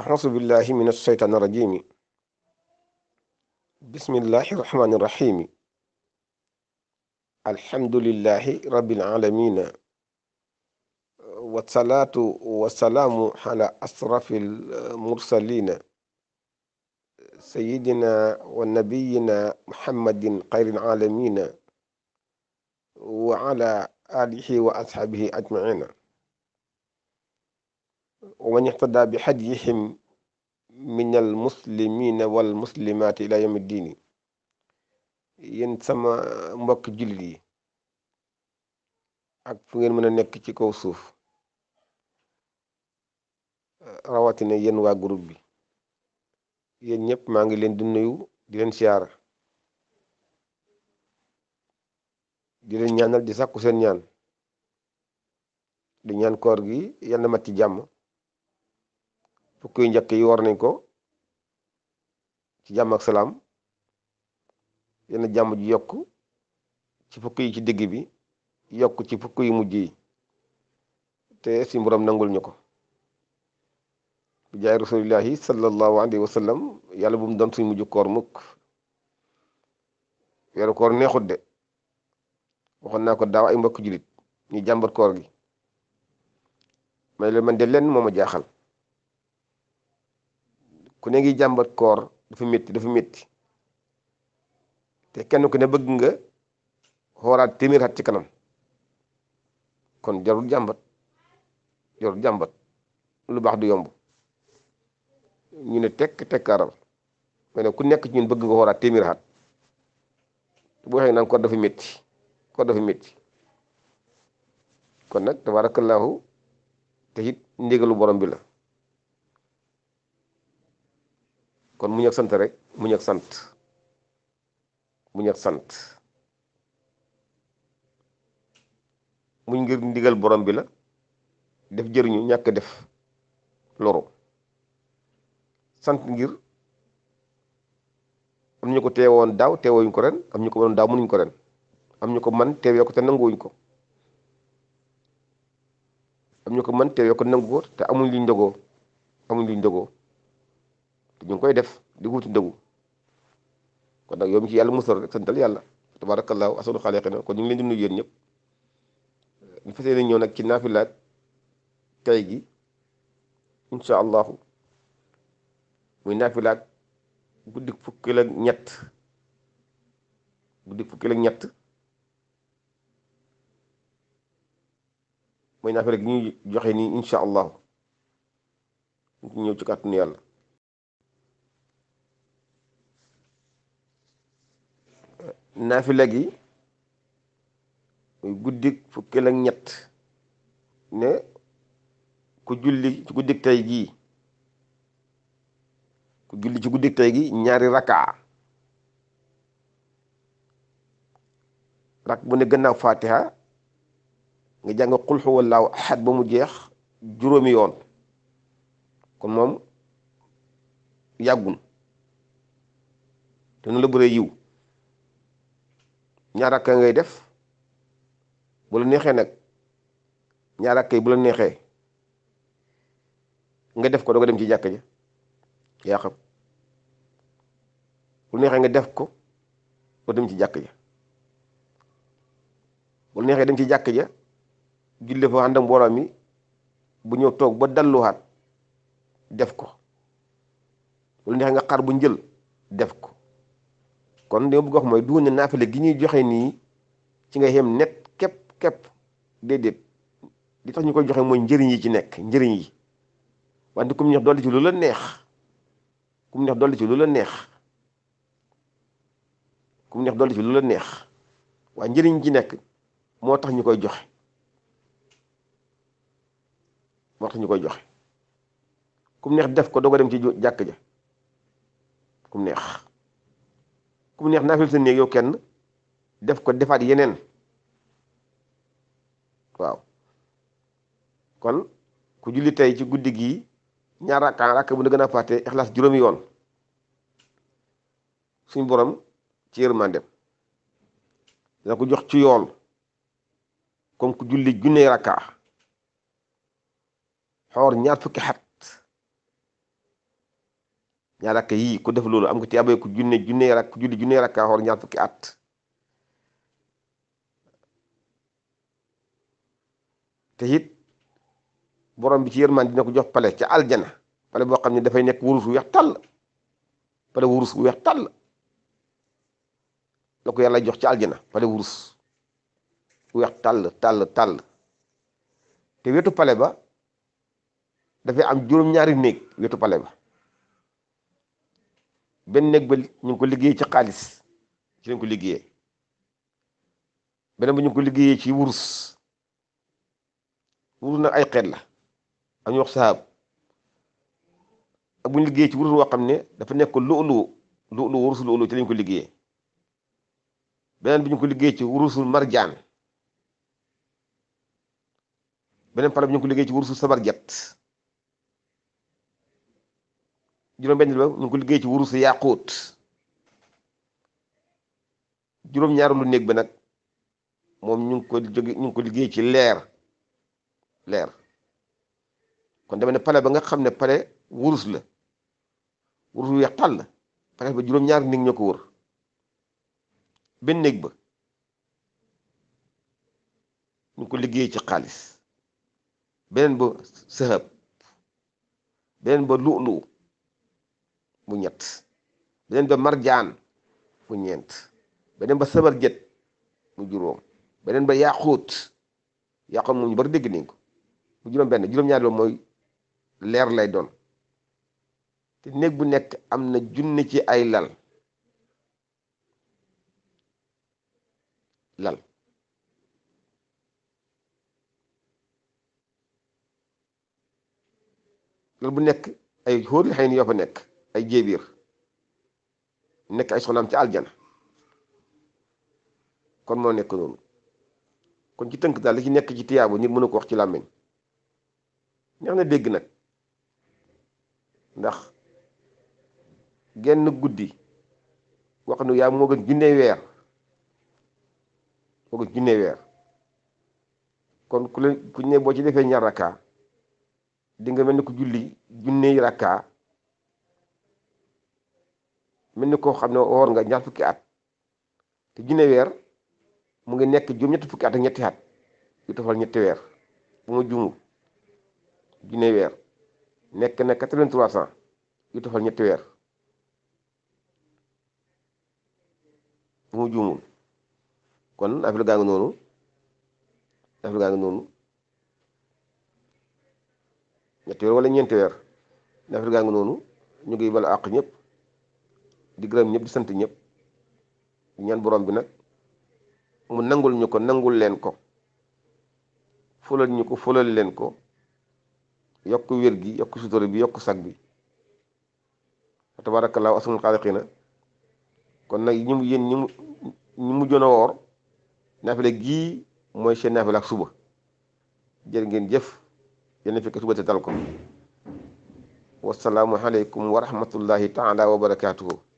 أعوذ بالله من الشيطان الرجيم بسم الله الرحمن الرحيم الحمد لله رب العالمين والصلاة والسلام على أشرف المرسلين سيدنا ونبينا محمد خير العالمين وعلى آله وأصحابه أجمعين wa man ihtada bi hadyihim min al muslimina wal muslimaati ila yawmi diini yéen sama mbokk jullit yi ak fu ngeen mën a nekk ci kaw suuf rawatina yéen waa groupe bi yéen ñëpp maa ngi leen di nuyu di leen siyaara di leen ñaanal di sàkku seen ñaan di ñaan koor gi yal na mat ci jàmm fukki njëkk yi war nañ ko ci jamm ak salam yenn jamm ji yokku ci fukki ci digg bi yokku ci fukki yu mujjii te si nangul ñuko ko bi jaay rasulillahi sallallahu alaihi wasallam yalla bu mu doon suñu mujj koor mukk weeru koor neexut de waxon na ko daaw ay mbokk julit ñu jambar koor gi may le man de len moma ku ne ngi jàmbat koor dafa métti dafa métti te kenn ku ne bëgg nga xooraat téeméer at ci kanam kon jarul jàmbat jarul jàmbat lu baax du yomb ñu ne tekk tekkaaral mais ne ku nekk ci ñun bëgg nga xooraat téeméer at boo xëy naan koor dafa métti koor dafa métti kon nag tabaarakallaahu te it ndigalu borom bi la kon mu ñëk sant rek mu ñëk sant mu ñëk sant mu ngir ndigal borom bi la def jëriñu ñàkk def loro, sant ngir am ñu ko teewoon daaw teewooñu ko ren am ñu ko mënoon daaw mënuñ ko ren am ñu ko man teewee ko te nanguwuñ ko am ñu ko man teewee ko nangu ko te amuñ liñ dogoo amuñ liñ dogoo ñu ngi koy def di wuti ndëgu kon nag yow mi ci yàlla musal rek santal yàlla tabaarakallaahu ahsanu xaaliqiina kon ñu ngi leen di nuyu yéen ñëpp ñu fas yéene ñëw nag ci naafilaat tey gi incha allahu muy naafilaat guddik fukki la ñett guddik fukki la ñett mooy naafila gi ñuy joxe nii incha allahu ñu ñëw ci kàttanu yàlla naafila gi muy guddik fukkeel ak ñett ne ku julli ci guddik tey gii ku julli ci guddik tey gi ñaari rakka rak bu ne gannaaw fatiha nga jàng qul huwallaahu ahad ba mu jeex juróomi yoon kon moom yàggul te nu la bëree yiw ñaar rakka ngay def bu la neexee nag ñaar rakka yi bu la neexee nga def ko doo nga dem ci jàkk ja yaa bu la neexee nga def ko doo dem ci jàkk ja bu la neexee dem ci jàkk ja julli fa ànd ak mbooloo mi bu ñëw toog ba dalluwaat def ko bu la neexee nga xaar bu jël def ko kon li ma bëgg wax mooy du ne naafile gi ñuy joxe nii ci nga yem net képp képp déedéet li tax ñu koy joxe mooy njëriñ yi ci nekk njëriñ yi wante ku mu neex ci lu la neex ku mu neex ci lu la neex ku mu neex lu la neex waaye njëriñ ci nekk moo tax ñu koy joxe moo tax ñu koy joxe kum mu neex def ko doog a dem ci jàkk ja ku neex. ku neex nafil sa néeg yow kenn def ko defaat yeneen waaw kon ku julli tey ci guddi gi ñaar rakka rakka bu na gën a fàtte ixlaas juróomi yoon suñ borom ci dem dana ko jox ci yoon comme ku julli junne rakka xoor ñaar fukki xat ñaar kai yii ku def loolu am ko ci abay ku junne junne rak ku julli junne ka hor ñaar fukki at te hit borom bi ci yërmande dina ko jox pale ci aljana pale bo xamni da fay nek wurus wu tal pale wurus wu tal. lako la jox ci aljana pale wurus wu tal, tal, tal. te wetu pale ba fay am juróom-ñaari nek wetu pale ba benn néeg ba ñu ko liggéey ci xaalis ci lañ ko liggéeyee beneen ba ñu ngi ko liggéeyee ci wurus wurus na ay xeet la am ñu wax sahaab ak bu ci wurus woo xam ne dafa nekk lu'lu lu'lu wurus lu'lu ci lañ ko liggéeyee beneen bi ñu ko liggéey ci wurusul marjaan beneen pala bi ñu ko liggéey ci wurusul sabarjat juróom-benn ba ñu ngi ko liggéey ci wurus yaaquut juróom-ñaareelu néeg ba nag moom ñu ngi ko jóge ñu ngi ko liggéey ci leer leer kon dama ne pale ba nga xam ne pale wurus la wurus yu weex tàll la pale ba juróom-ñaari néeg ñoo ko wër benn néeg ba ñu ko liggéey ci xaalis beneen ba sëhëb beneen ba lu'lu mu ñett beneen ba marjaan mu ñeent beneen ba sabarjët mu juróom beneen ba yaaquut yaaquut moom ñu bari dégg nañ ko mu juróom benn juróom-ñaari ba mooy leer lay doon te néeg bu nekk am na junni ci ay lal lal lal bu nekk ay xóori xëy na yoo fa nekk ay jéebiir nekk ay soxnaam ci aljana kon moo nekk noonu kon ci tënk daal li ci nekk ci tiyaabu nit mënu ko wax ci làmmiñ neex na dégg nag ndax genn guddi wax nu yaa moo gën junne weer moo kon ku leen ku ne boo ci defee ñaar rakka di nga mel ni ko julli junne rakka mel ni koo xam ne woor nga ñaar fukki at te junne weer mu ngi nekk juróom ñetti fukki at ak ñetti at yu tofal ñetti weer bu ma juumu junne weer nekk na quatre-vingt-trois cent yu tofal ñetti weer bu ma juumul kon affaire gaa ngi noonu affaire gaa ngi noonu ñetti weer wala ñeenti weer affaire gaa ngi noonu ñu ngi bala àq ñëpp di gërëm ñëpp di sant ñëpp ñaan borom bi nag mu nangul ñu ko nangul leen ko fulal ñu ko fulal leen ko yokk wér gi yokk sutura bi yokk sag bi tabaarakallaahu ahsanul xaaliqiina kon nag ñu yéen ñu mu mujjoon a woor naafile gi mooy seen naafile ak suba jërë ngeen jëf yéen fekk suba te dal ko wasalaamu aleykum wa rahmatullahi taala wa